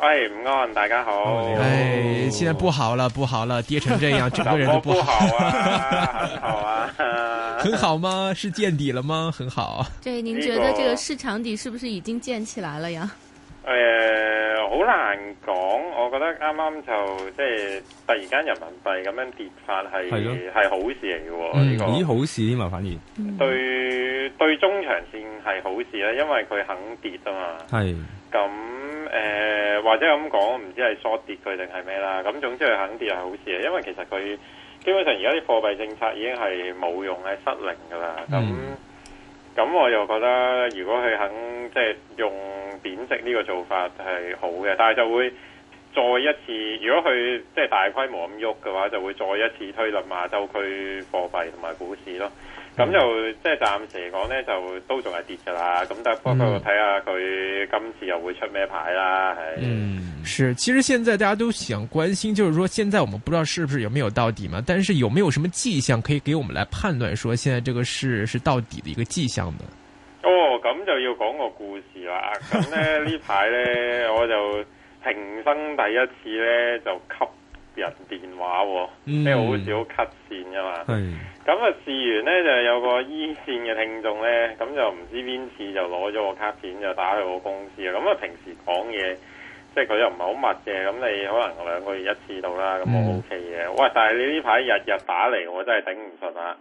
哎，午安，大家好。哦、好哎，現在不好了，不好了，跌成這樣，整個人都不好啊。很好啊，好啊很好嗎？是見底了嗎？很好。對，您覺得這個市場底是不是已經建起來了呀？誒、呃，好難講。我覺得啱啱就即係突然間人民幣咁樣跌法係係好事嚟嘅、哦。呢、嗯這個、咦好事添嘛？反而、嗯、對對中長線係好事咧，因為佢肯跌啊嘛。係咁。誒、呃、或者咁講，唔知係縮跌佢定係咩啦。咁總之佢肯跌係好事啊，因為其實佢基本上而家啲貨幣政策已經係冇用係失靈㗎啦。咁咁、嗯嗯、我又覺得，如果佢肯即係用貶值呢個做法係好嘅，但係就會再一次，如果佢即係大規模咁喐嘅話，就會再一次推冧亞洲區貨幣同埋股市咯。咁、嗯嗯、就即係暫時嚟講呢，就都仲係跌噶啦。咁但係不過睇下佢今次又會出咩牌啦。係嗯，是。其實現在大家都想關心，就是說，現在我們不知道是不是有沒有到底嘛？但是有沒有什麼跡象可以給我們來判斷，說現在這個事是到底的一個跡象呢？哦，咁就要講個故事啦。咁呢呢排呢，我就平生第一次呢，就吸人電話喎，即係好少 cut 線噶嘛。咁啊事緣呢就有個一線嘅聽眾呢，咁就唔知邊次就攞咗個卡片就打去我公司。咁啊平時講嘢，即係佢又唔係好密嘅，咁你可能兩個月一次到啦，咁我 OK 嘅。嗯、喂，但係你呢排日日打嚟，我真係頂唔順啊！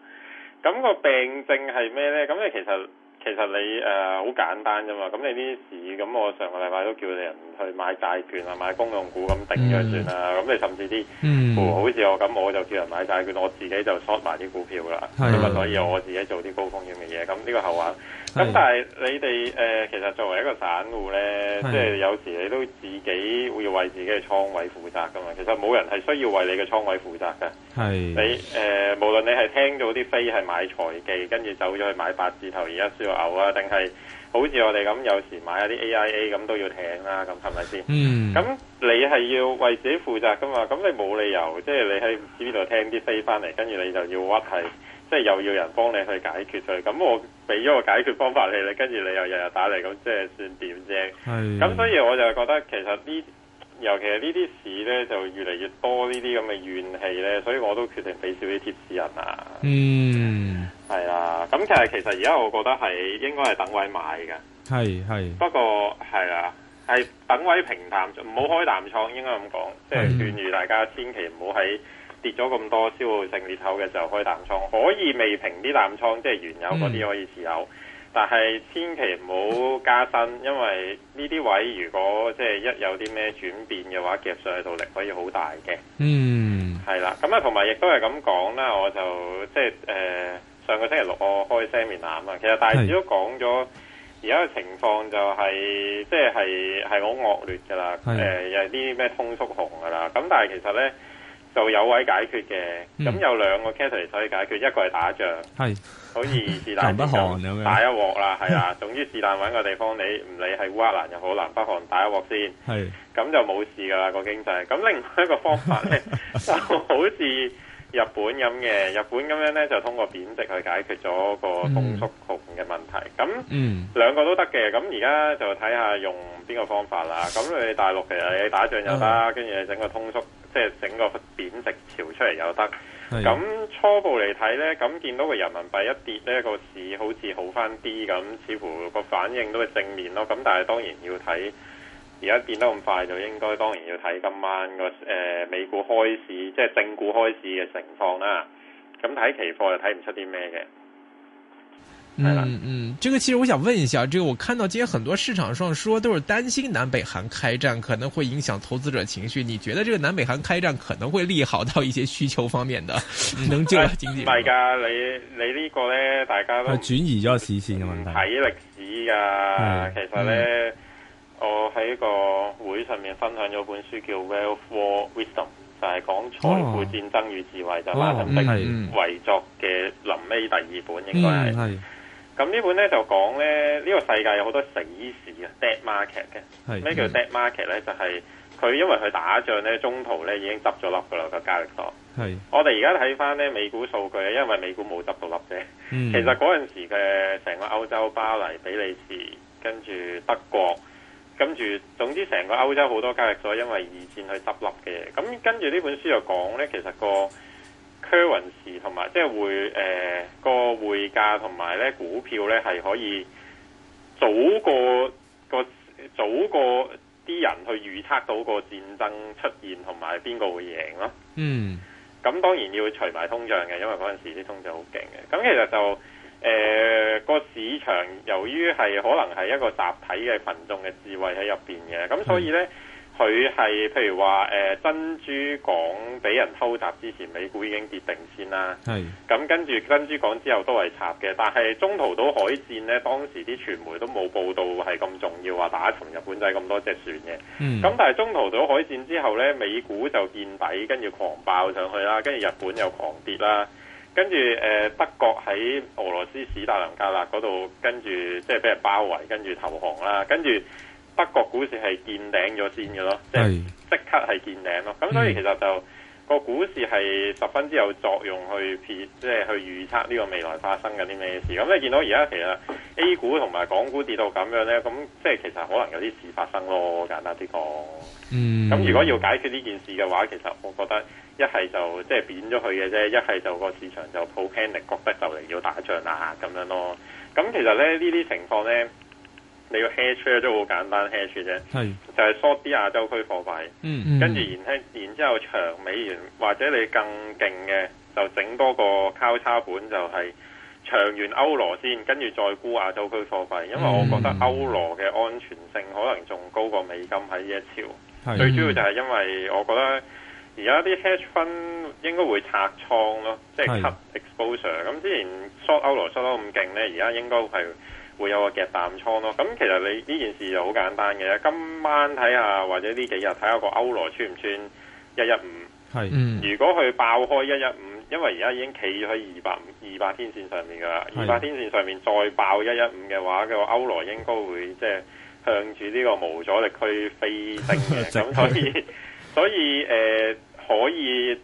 咁、個病症係咩呢？咁你其實～其實你誒好、呃、簡單啫嘛，咁你啲事，咁，我上個禮拜都叫你人去買債券啊，買公用股咁頂咗算啦，咁、嗯、你甚至啲唔、嗯哦、好似我咁，我就叫人買債券，我自己就 short 埋啲股票啦，咁啊的，所以我自己做啲高風險嘅嘢，咁呢個後話。咁的但係你哋誒、呃，其實作為一個散戶咧，即係的有時你都自己會要為自己嘅倉位負責噶嘛，其實冇人係需要為你嘅倉位負責嘅。是你誒、呃，無論你係聽到啲飛係買財技，跟住走咗去買八字頭而家需要牛啊，定係好似我哋咁有時買一啲 AIA 咁都要聽啦，咁係咪先？嗯。咁你係要為自己負責㗎嘛？咁你冇理由，即係你喺呢度聽啲飛返嚟，跟住你就要屈係，即係又要人幫你去解決佢。咁我畀咗個解決方法你，你跟住你又日日打嚟，咁即係算點啫？係是。咁所以我就覺得其實呢。尤其是呢啲市咧，就越嚟越多呢啲咁嘅怨氣咧，所以我都決定俾少啲貼士人、嗯、啊。嗯，係啦。咁其實其實而家我覺得係應該係等位買嘅。係係。不過係啦，係、啊、等位平淡，唔好開淡倉，應該咁講。即係勸喻大家千祈唔好喺跌咗咁多、消耗性裂口嘅時候開淡倉，可以未平啲淡倉，即係原有嗰啲可以持有。嗯。但係千祈唔好加薪，因為呢啲位如果即係一有啲咩轉變嘅話，夾上喺度力可以好大嘅。嗯，係啦，咁啊，同埋亦都係咁講啦，我就即係誒、呃、上個星期六我開 seminar 啊，其實大致都講咗而家嘅情況就係、是、即係係好惡劣噶啦的、呃，又係啲咩通縮紅噶啦，咁但係其實咧。就有位解決嘅，咁有兩個 category 可以解決，一個係打仗，係好似是但北韓咁樣打一鑊啦，係啊，總之是但揾個地方，你唔理係烏克蘭又好，南北韓打一鑊先，係咁就冇事噶啦個經濟。咁另外一個方法咧就好似日本咁嘅，日本咁樣咧就通過貶值去解決咗個通縮窮嘅問題。咁兩個都得嘅，咁而家就睇下用邊個方法啦。咁你大陸其實你打仗又得，跟住整個通縮。即係整個貶值潮出嚟又得，咁的初步嚟睇呢，咁見到個人民幣一跌呢、個市好似好翻啲咁，似乎個反應都係正面咯。咁但係當然要睇，而家變得咁快，就應該當然要睇今晚個誒、呃、美股開市，即係正股開市嘅情況啦。咁睇期貨又睇唔出啲咩嘅。嗯嗯，這個其實我想問一下，這個我看到今日很多市場上說都是擔心南北韓開戰可能會影響投資者情緒，你覺得這個南北韓開戰可能會利好到一些需求方面的，能就經濟？唔係噶，你你呢個咧，大家都轉移咗視線嘅問題睇歷史噶，其實咧我喺個會上面分享咗本書叫《Wealth War Wisdom》，就係講財富戰爭與智慧，就馬丁·貝維作嘅臨尾第二本應該係。咁呢本咧就講咧，呢、這個世界有好多死市啊，dead market 嘅。咩是叫 dead market 咧？嗯、就係佢因為佢打仗咧，中途咧已經執咗笠噶啦個交易所。係是。我哋而家睇翻咧美股數據，因為美股冇執到笠啫。嗯、其實嗰陣時嘅成個歐洲、巴黎、比利時、跟住德國、跟住總之成個歐洲好多交易所，因為二戰去執笠嘅。咁跟住呢本書就講咧，其實個。喎雲時同埋即係匯誒，個匯價同埋咧股票咧係可以早過個早過啲人去預測到個戰爭出現同埋邊個會贏咯。嗯，咁當然要除埋通脹嘅，因為嗰陣時啲通脹好勁嘅。咁其實就誒、呃、個市場由於係可能係一個集體嘅群眾嘅智慧喺入邊嘅，咁所以咧。嗯佢係譬如話誒、呃、珍珠港俾人偷襲之前，美股已經跌定先啦。係咁是、嗯嗯、跟住珍珠港之後都係插嘅，但係中途島海戰呢，當時啲傳媒都冇報道係咁重要話打沉日本仔咁多隻船嘅。嗯，咁但係中途島海戰之後呢，美股就見底，跟住狂爆上去啦，跟住日本又狂跌啦，跟住誒、呃、德國喺俄羅斯史達林格勒嗰度，跟住即係俾人包圍，跟住投降啦，跟住。跟北國股市係見頂咗先嘅咯，是即係即刻係見頂咯。咁所以其實就、嗯、個股市係十分之有作用去撇，即係去預測呢個未來發生緊啲咩事。咁你見到而家其實 A 股同埋港股跌到咁樣呢，咁即係其實可能有啲事發生咯。簡單啲講，咁、嗯、如果要解決呢件事嘅話，其實我覺得一係就即係扁咗佢嘅啫，一係就個市場就好 panic 覺得就嚟要打仗啊咁樣咯。咁其實咧呢啲情況呢。你要 hedge 都好簡單 hedge 啫，是就係 short 啲亞洲區貨幣，跟住、嗯嗯、然後然之後長美元，或者你更勁嘅就整多個交叉盤就係、是、長完歐羅先，跟住再沽亞洲區貨幣，因為我覺得歐羅嘅安全性可能仲高過美金喺呢一朝。嗯、最主要就係因為我覺得而家啲 hedge 分應該會拆倉咯，即係 cut exposure、嗯。咁、嗯、之前 short 歐羅 short 到咁勁咧，而家應該係，會有個夾淡倉咯，咁其實你呢件事就好簡單嘅。今晚睇下或者呢幾日睇下個歐羅穿唔穿一一五？係是，嗯、如果佢爆開一一五，因為而家已經企喺二百二百天線上面噶啦，二百天線上面再爆一一五嘅話，嘅、那、話、個、歐羅應該會即係向住呢個無阻力區飛升嘅。咁 真係 所以 所以誒、呃、可以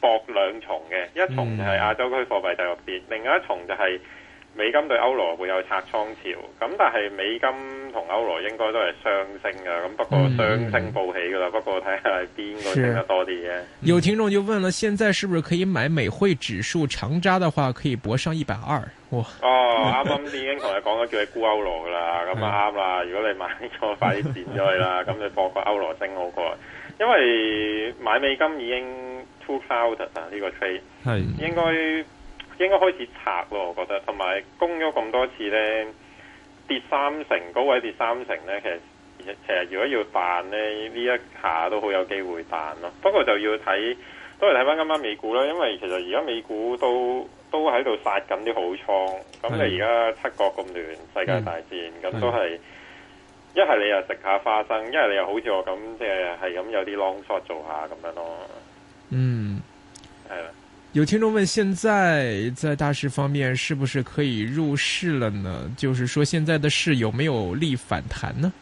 博兩重嘅，一重就係亞洲區貨幣大陸跌，嗯、另外一重就係、是。美金對歐羅會有拆倉潮，咁但係美金同歐羅應該都係雙升嘅，咁不過雙升報起噶啦。不過睇下係邊個升得多啲咧。有聽眾就問啦，嗯、現在是不是可以買美匯指數長揸嘅話，可以搏上一百二？哦，啱啱已經同你講咗，叫你沽歐羅噶啦，咁啊啱啦。如果你買咗，快啲剪咗去啦，咁 就搏個歐羅升好過。因為買美金已經 two thousand 啊，呢、這個 trade 係的應該。應該開始拆咯，我覺得，同埋攻咗咁多次呢，跌三成，高位跌三成呢，其實其實如果要彈呢，呢一下都好有機會彈咯。不過就要睇，都係睇翻今晚美股啦，因為其實而家美股都都喺度殺緊啲好倉。咁你而家七國咁亂，的世界大戰，咁、嗯、都係一係你又食下花生，一係你又好似我咁，即係係咁有啲 long shot s h o t 做下咁樣咯。嗯，係啦。有聽眾問：現在在大市方面，是不是可以入市了呢？就是說，現在的市有沒有力反彈呢？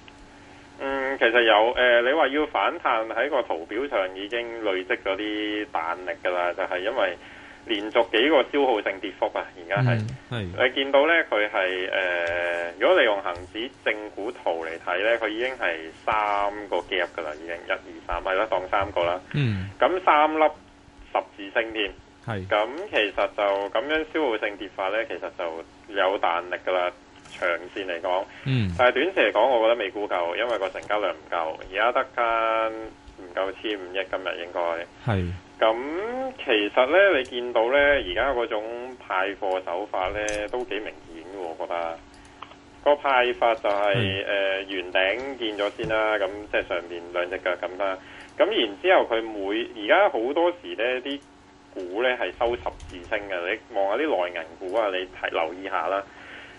嗯，其實有，誒、呃，你話要反彈喺個圖表上已經累積咗啲彈力噶啦，就係、是、因為連續幾個消耗性跌幅啊，而家係係，是你見到咧佢係誒，如果你用恒指正股圖嚟睇咧，佢已經係三個 gap 噶啦，已經一二三係啦，當三個啦，嗯，咁三粒十字星添。咁其實就咁樣消耗性跌法呢，其實就有彈力噶啦，長線嚟講。嗯。但係短期嚟講，我覺得未沽夠，因為個成交量唔夠，而家得間唔夠千五億，今日應該。係是。咁其實呢，你見到呢，而家嗰種派貨手法呢，都幾明顯喎，我覺得。個派法就係誒圓頂見咗先啦，咁、嗯、即係上面兩隻腳咁啦。咁然之後佢每而家好多時呢啲股咧係收十字星嘅，你望下啲內銀股啊，你提留意下啦。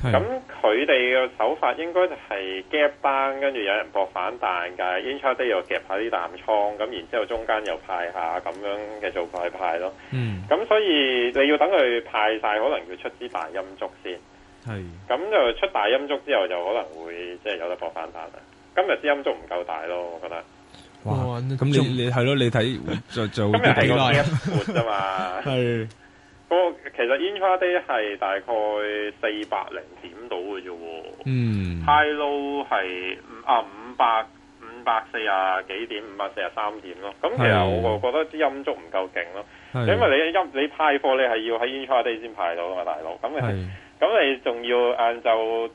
咁佢哋嘅手法應該就係夾班，跟住有人搏反彈㗎。interday 又夾下啲淡倉，咁然之後中間又派下咁樣嘅做派派咯。嗯，咁所以你要等佢派晒，可能要出支大陰燭先。係是，咁就出大陰燭之後，就可能會即係、就是、有得搏反彈啦。今日支陰燭唔夠大咯，我覺得。咁哇、嗯、你最你係咯，你睇就就幾耐啊？活啊嘛，係嗰個其實 intraday 係大概四百零點到嘅啫。嗯，high low 係五啊五百五百四啊幾點？五百四啊三點咯。咁其實我覺得啲音足唔夠勁咯。是因為你音你派貨你係要喺 intraday 先派到噶嘛，大佬。咁係，咁是你仲要晏晝。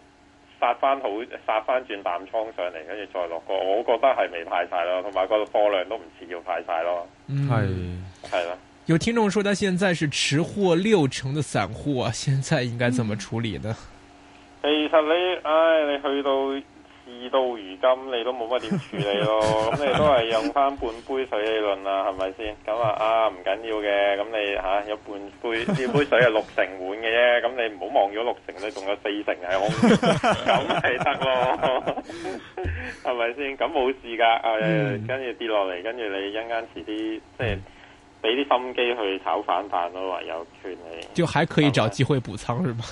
殺翻好，殺翻轉淡倉上嚟，跟住再落個，我覺得係未派晒咯，同埋個貨量都唔似要派晒咯。係係啦。有聽眾說，他現在是持貨六成的散戶啊，現在應該怎麼處理呢？嗯，其實你，唉，你去到。至到如今，你都冇乜點處理咯，咁你都係用翻半杯水理論啦，係咪先？咁啊，啊唔緊要嘅，咁你嚇有半杯呢 杯水係六成滿嘅啫，咁你唔好望咗六成，你仲有四成係空，咁係得咯，係咪先？咁冇事噶，誒，跟住跌落嚟，跟住你一陣間遲啲，即係俾啲心機去炒反彈咯，唯有勤力，就還可以找機會補倉，嗯、是嗎？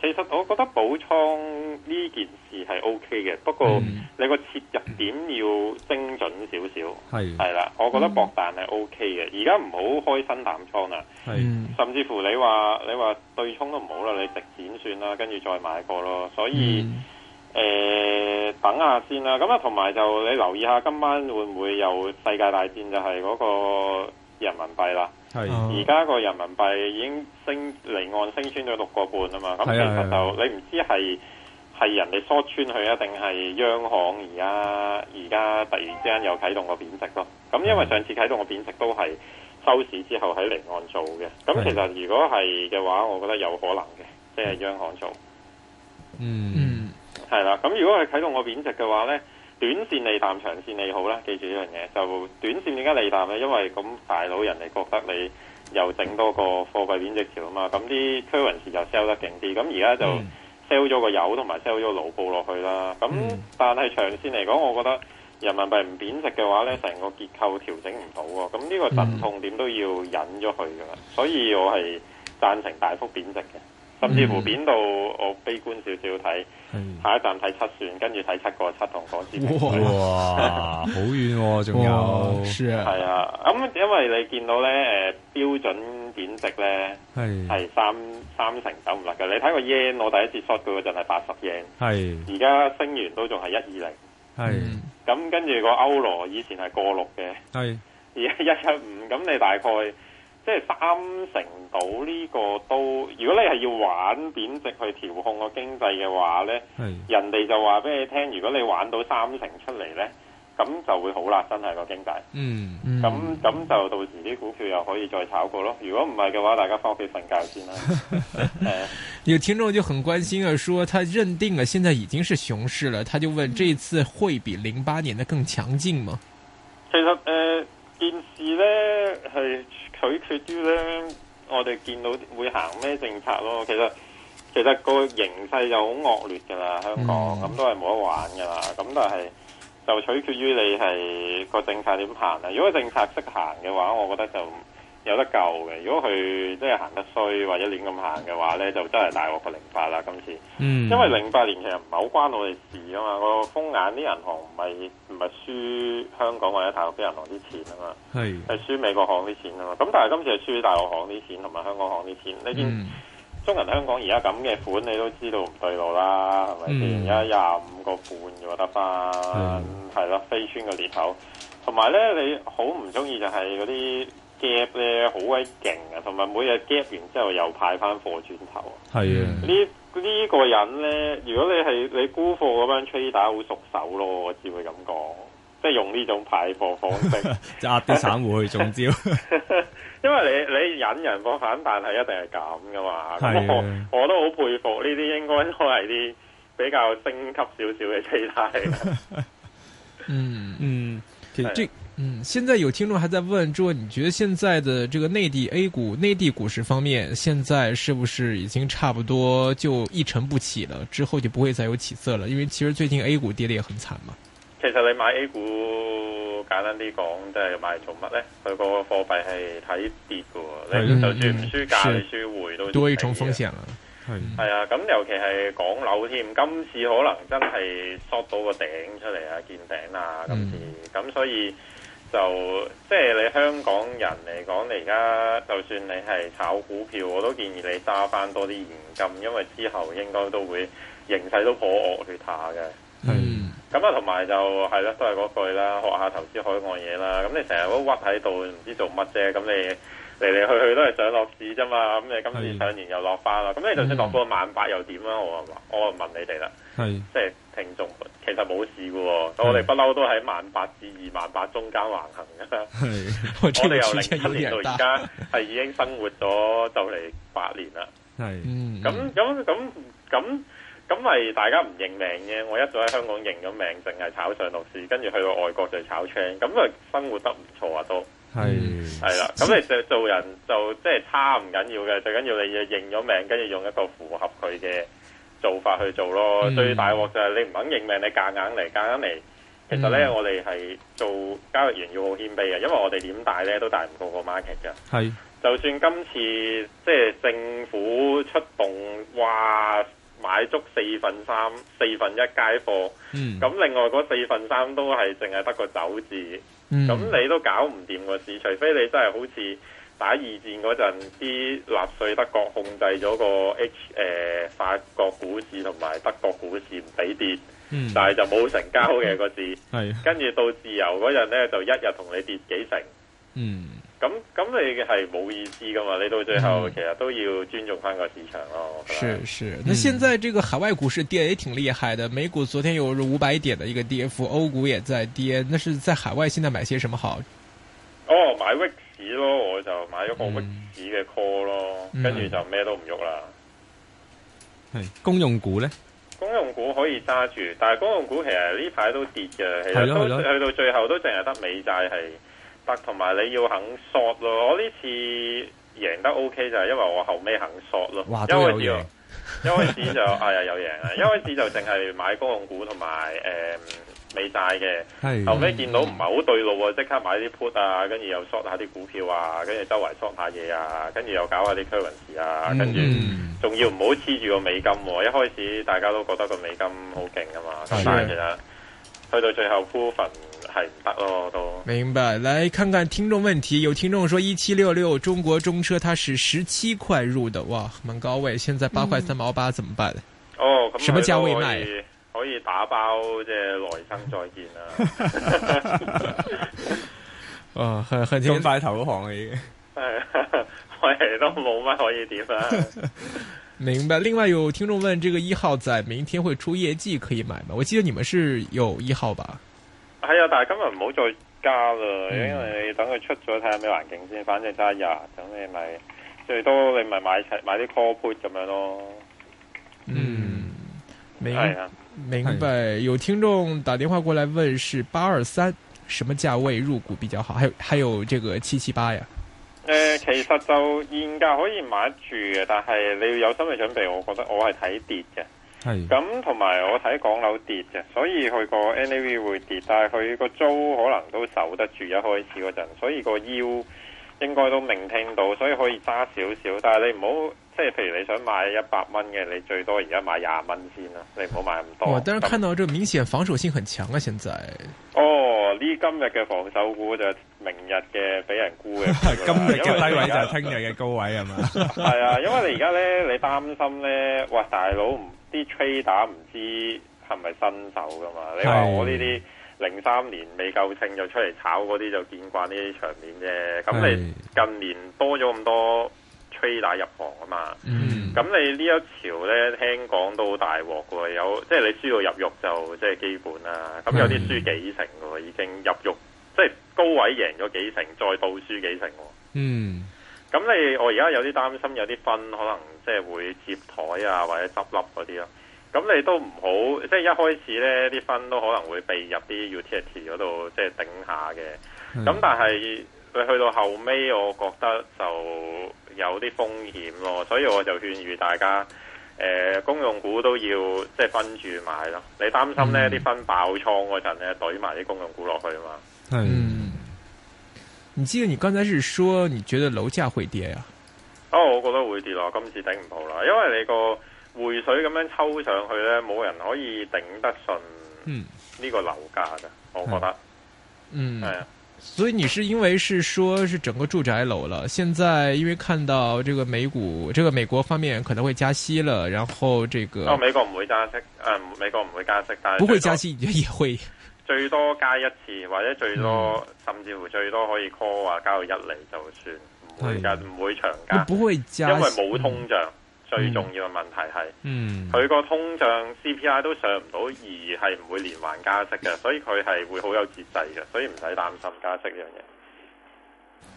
其實我覺得補倉呢件事係 OK 嘅，不過你個切入點要精準少少。係係啦，我覺得博彈係 OK 嘅。而家唔好開新淡倉啦。係的，甚至乎你話你話對沖都唔好啦，你止賺算啦，跟住再買個咯。所以誒的、呃，等下先啦。咁啊，同埋就你留意下今晚會唔會有世界大戰？就係嗰個人民幣啦。係而家個人民幣已經升離岸升穿咗六個半啊嘛，咁的其實就的你唔知係係人哋縮穿佢啊，定係央行而家而家突然之間又啟動個貶值咯？咁因為上次啟動個貶值都係收市之後喺離岸做嘅，咁其實如果係嘅話，我覺得有可能嘅，即係央行做。的嗯，係啦。咁如果係啟動個貶值嘅話咧？短線利淡，長線利好啦。記住呢樣嘢，就短線點解利淡呢？因為咁大佬人哋覺得你又整多個貨幣貶值潮啊嘛，咁啲 currency 就 sell 得勁啲。咁而家就 sell 咗個油，同埋、嗯、sell 咗盧布落去啦。咁、嗯、但係長線嚟講，我覺得人民幣唔貶值嘅話呢，成個結構調整唔到喎。咁呢個陣痛點都要忍咗去噶啦。嗯、所以我係贊成大幅貶值嘅。甚至乎貶到我悲觀少少睇，下一站睇七船，跟住睇七個七同港紙。哇，好遠喎，仲有，係啊，咁因為你見到呢，誒標準貶值呢，係係三三成走唔甩嘅。你睇個 yen 我第一次 short 嗰陣係八十 yen，而家升完都仲係一二零，係咁。跟住個歐羅以前係過六嘅，係而家一一五，咁你大概。即係三成到呢個都，如果你係要玩貶值去調控個經濟嘅話呢是人哋就話俾你聽，如果你玩到三成出嚟呢，咁就會好啦，真係個經濟、嗯。嗯，咁咁就到時啲股票又可以再炒過咯。如果唔係嘅話，大家翻屋企瞓覺先啦。 呃、 有聽眾就很關心啊，說他認定了現在已經是熊市了，他就問：嗯、這次會比零八年的更強勁嗎？其實誒、呃，件事呢係。取決於呢，我哋見到會行咩政策咯。其實其實個形勢就好惡劣㗎啦，香港咁都係冇得玩㗎啦。咁但係就取決於你係個政策點行啦。如果政策識行嘅話，我覺得就～有得救嘅，如果佢真係行得衰，或者亂咁行嘅話呢就真係大鑊個零八啦！今次，嗯、因為零八年其實唔係好關我哋事啊嘛，嗯、個風眼啲銀行唔係唔係輸香港是或者大陸啲銀行啲錢啊嘛，係係輸美國行啲錢啊嘛。咁但係今次係輸大陸行啲錢同埋香港行啲錢，你見、嗯、中銀香港而家咁嘅款，你都知道唔對路啦，係咪先？嗯、而家廿五個半嘅得翻，係咯、嗯嗯，飛穿個裂口。同埋呢，你好唔中意就係嗰啲。gap 咧好鬼勁啊，同埋每日 gap 完之後又派翻貨轉頭啊，係啊是的、嗯，呢呢個人咧，如果你係你沽貨嗰班 trade、er、打，好熟手咯，我只會咁講，即係用呢種派貨方式，壓啲 散戶去中招， 因為你你引人放反彈係一定係咁噶嘛，咁是的 我我都好佩服呢啲，應該都係啲比較升級少少嘅 trader。嗯嗯，嗯，現在有聽眾還在問，說你覺得現在的這個內地 A 股、內地股市方面，現在是不是已經差不多就一成不起了？之後就不會再有起色了？因為其實最近 A 股跌得也很慘嘛。其實你買 A 股，簡單啲講，即、就、係、是、買做乜呢？佢個貨幣係睇跌嘅，是你就算唔輸價，嗯、你輸匯都多一重風險啦。係係、嗯、啊，咁尤其係港樓添，今次可能真係縮到個頂出嚟啊，見頂啊，今次咁所以。就即係你香港人嚟講，你而家就算你係炒股票，我都建議你揸翻多啲現金，因為之後應該都會形勢都頗惡劣下嘅。嗯，咁啊、mm.，同埋就係啦，都係嗰句啦，學下投資海外嘢啦。咁你成日都屈喺度，唔知做乜啫。咁你。嚟嚟去去都係上落市啫嘛，咁你今次上年又落翻啦，咁你係、嗯、就算落到萬八又點啊？我我問你哋啦，係即係聽眾其實冇事嘅喎係？我哋不嬲都喺萬八至二萬八中間橫行嘅。係，我哋由零七年到而家係已經生活咗就嚟八年啦。係，嗯，咁咁咁咁咁咪大家唔認命嘅？我一早喺香港認咗命，淨係炒上落市，跟住去到外國就炒 chain，咁啊生活得唔錯啊都。係係啦，咁是、嗯、你做做人就即係差唔緊要嘅，最緊要你要認咗命，跟住用一個符合佢嘅做法去做咯。嗯、最大鑊就係你唔肯認命，你夾硬嚟，夾硬嚟。其實呢，嗯、我哋係做交易員要好謙卑嘅，因為我哋點大呢都大唔過個 market 㗎。係是，就算今次即係政府出動，哇！買足四份三，四份一街貨。咁、嗯、另外嗰四份三都係淨係得個走字。咁、嗯、你都搞唔掂個字，除非你真係好似打二戰嗰陣，啲納粹德國控制咗個 H 誒、呃、法國股市同埋德國股市唔俾跌，嗯、但係就冇成交嘅個字。係。跟住、嗯、到自由嗰陣咧，就一日同你跌幾成。嗯。嗯。咁咁你係冇意思噶嘛？你到最後其實都要尊重翻個市場咯。是、嗯、是，是嗯、那現在這個海外股市跌也挺厲害的，美股昨天有五百點的一個跌幅，歐股也在跌。那是在海外現在買些什麼好？哦，買 VIX 咯，我就買一個 VIX 嘅 call 咯，跟住、嗯、就咩都唔喐啦。係公、嗯、用股咧？公用股可以揸住，但係公用股其實呢排都跌嘅，其實去到最後都淨係得美債係。但同埋你要肯 short 咯，我呢次贏得 OK 就係因為我後尾肯 short 咯。哇，都有贏，一開始就 哎呀有贏啊， 一開始就淨係買公共股同埋誒美債嘅。係、嗯、的後尾見到唔係好對路啊，即刻、嗯、買啲 put 啊，跟住又 short 下啲股票啊，跟住周圍 short 下嘢啊，跟住又搞下啲 currency 啊，跟住仲要唔好黐住個美金。一開始大家都覺得個美金好勁噶嘛，的但係其實去到最後鋪係唔得咯，都明白。來看看聽眾問題，有聽眾說一七六六中國中車，它是十七塊入的，哇，蠻高位。現在八塊三毛八，怎麼辦？嗯、哦，嗯、什麼價位賣，啊可？可以打包即係來生再見啦。 哦，很很快投降啦，已經。係，我都冇乜可以點啊？明白。另外有聽眾問，這個一號仔明天會出業績，可以買嗎？我記得你們是有一號吧。係啊，但係今日唔好再加啦，因為你等佢出咗睇下咩環境先。反正差廿，等你咪最多你咪買齊買啲 call put 咁樣咯。嗯，明啊，明白。啊、有聽眾打電話過來問，是八二三什麼價位入股比較好？還有還有這個七七八呀？誒、呃，其實就現價可以買住嘅，但係你要有心理準備，我覺得我係睇跌嘅。係咁，同埋我睇港樓跌嘅，所以佢個 NAV 會跌，但係佢個租可能都守得住，一開始嗰陣，所以個腰應該都明聽到，所以可以揸少少，但係你唔好即係，譬如你想買一百蚊嘅，你最多而家買廿蚊先啦，你唔好買咁多。我當然看到，這明顯防守性很強啊，現在。哦，呢今日嘅防守股就明日嘅俾人沽嘅，今日嘅低位就係聽日嘅高位係嘛？係啊，因為你而家呢，你擔心呢，哇大佬唔。啲 trader 唔知係咪新手噶嘛？是你話我呢啲零三年未夠稱就出嚟炒嗰啲就見慣呢啲場面啫。咁你近年多咗咁多 trader、er、入行啊嘛。咁、嗯、你呢一潮呢，聽講都好大鑊嘅喎，有即係你輸到入肉就即係基本啦。咁有啲輸幾成嘅喎，嗯、已經入肉即係高位贏咗幾成，再倒輸幾成喎。嗯。咁你我而家有啲擔心，有啲分可能即係會接台啊，或者執笠嗰啲咯。咁你都唔好，即係一開始呢啲分都可能會被入啲 utility 嗰度即係頂下嘅。咁但係去到後尾，我覺得就有啲風險咯。所以我就勸喻大家，誒公用股都要即係分住買咯。你擔心呢啲分爆倉嗰陣咧，堆埋啲公用股落去啊嘛。嗯。嗯你記得你剛才是說你覺得樓價會跌呀？啊？哦，我覺得會跌咯，今次頂唔到啦，因為你個回水咁樣抽上去咧，冇人可以頂得順。嗯。呢個樓價㗎，我覺得。嗯。係、嗯、啊。所以你是因為是說，是整個住宅樓啦。現在因為看到這個美股，這個美國方面可能會加息了，然後這個。哦，美國唔會加息。嗯、啊，美國唔會加息，但係。不會加息，也會。最多加一次，或者最多 No. 甚至乎最多可以 call 話、啊、加到一厘就算，唔會加，唔對會長加，唔會加，因為冇通脹，嗯、最重要嘅問題係，嗯，佢個通脹 CPI 都上唔到二，係唔會連環加息嘅，所以佢係會好有節制嘅，所以唔使擔心加息呢樣嘢。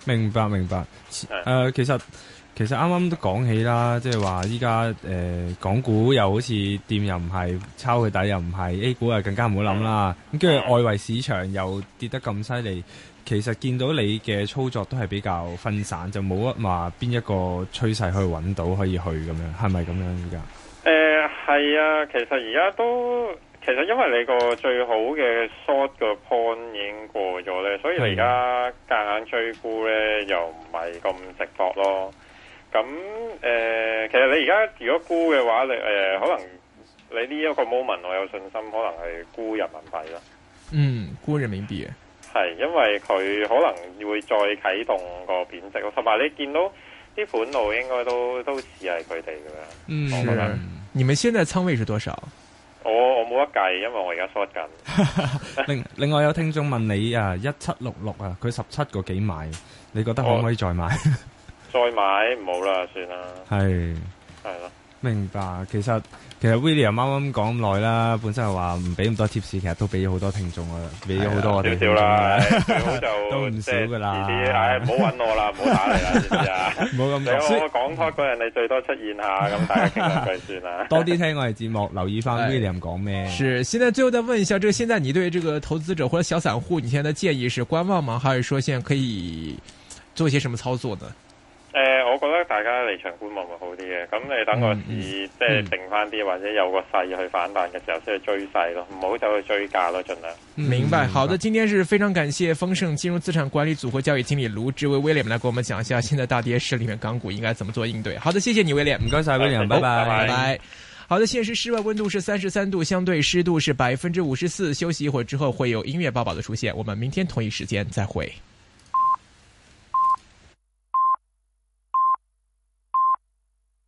明白，明白。誒是，uh, 其實。其實啱啱都講起啦，即係話依家誒港股又好似掂，又唔係抄佢底，又唔係 A 股啊更加唔好諗啦。跟住外圍市場又跌得咁犀利，其實見到你嘅操作都係比較分散，就冇乜話邊一個趨勢可以揾到可以去咁樣，係咪咁樣而家？誒係啊，其實而家都其實因為你個最好嘅 short 個 point 已經過咗呢，所以你而家夾硬追沽呢，又唔係咁值博咯。咁誒，其實你而家如果沽嘅話，你誒，可能你呢一個 moment 我有信心，可能係沽人民幣啦。嗯，沽人民幣啊。係，因為佢可能會再啟動個貶值，同埋你見到啲款路應該都都似係佢哋嘅樣。嗯，我是。你咪先在倉位是多少？我我冇得計，因為我而家 short 緊。另 另外有聽眾問你啊，一七六六啊，佢十七個幾買？你覺得可唔可以再買？再買唔好啦，算啦。係係咯，的明白。其實其實 William 啱啱講咁耐啦，本身係話唔俾咁多 tips，其實都俾咗好多聽眾啊，俾咗好多少少啦，都唔少噶啦。係唔好揾我啦，唔好打嚟啦，知唔知啊？唔好咁講。我講開人你最多出現下，咁大家傾兩句算啦。 多啲聽我哋節目，留意翻 William 講咩。是，現在最後再問一下，這個現在你對這個投資者或者小散戶，你現在建議是觀望嗎？還是說現在可以做些什麼操作呢？呃、我覺得大家離場觀望會好啲嘅，咁你等個市、嗯嗯、即係定翻啲，或者有個勢去反彈嘅時候，先去追勢咯，唔好走去追價咯，盡量。嗯、明白，明白，好的，今天是非常感謝豐盛金融資產管理組合交易經理盧志威威廉來跟我們講一下，現在大跌市裏面港股應該怎麼做應對。好的，謝謝你，威廉。唔該晒，威廉，拜拜拜拜。Bye. 好的，現時室外溫度是三十三度，相對濕度是百分之五十四。休息一會之後，會有音樂播報的出現。我們明天同一時間再會。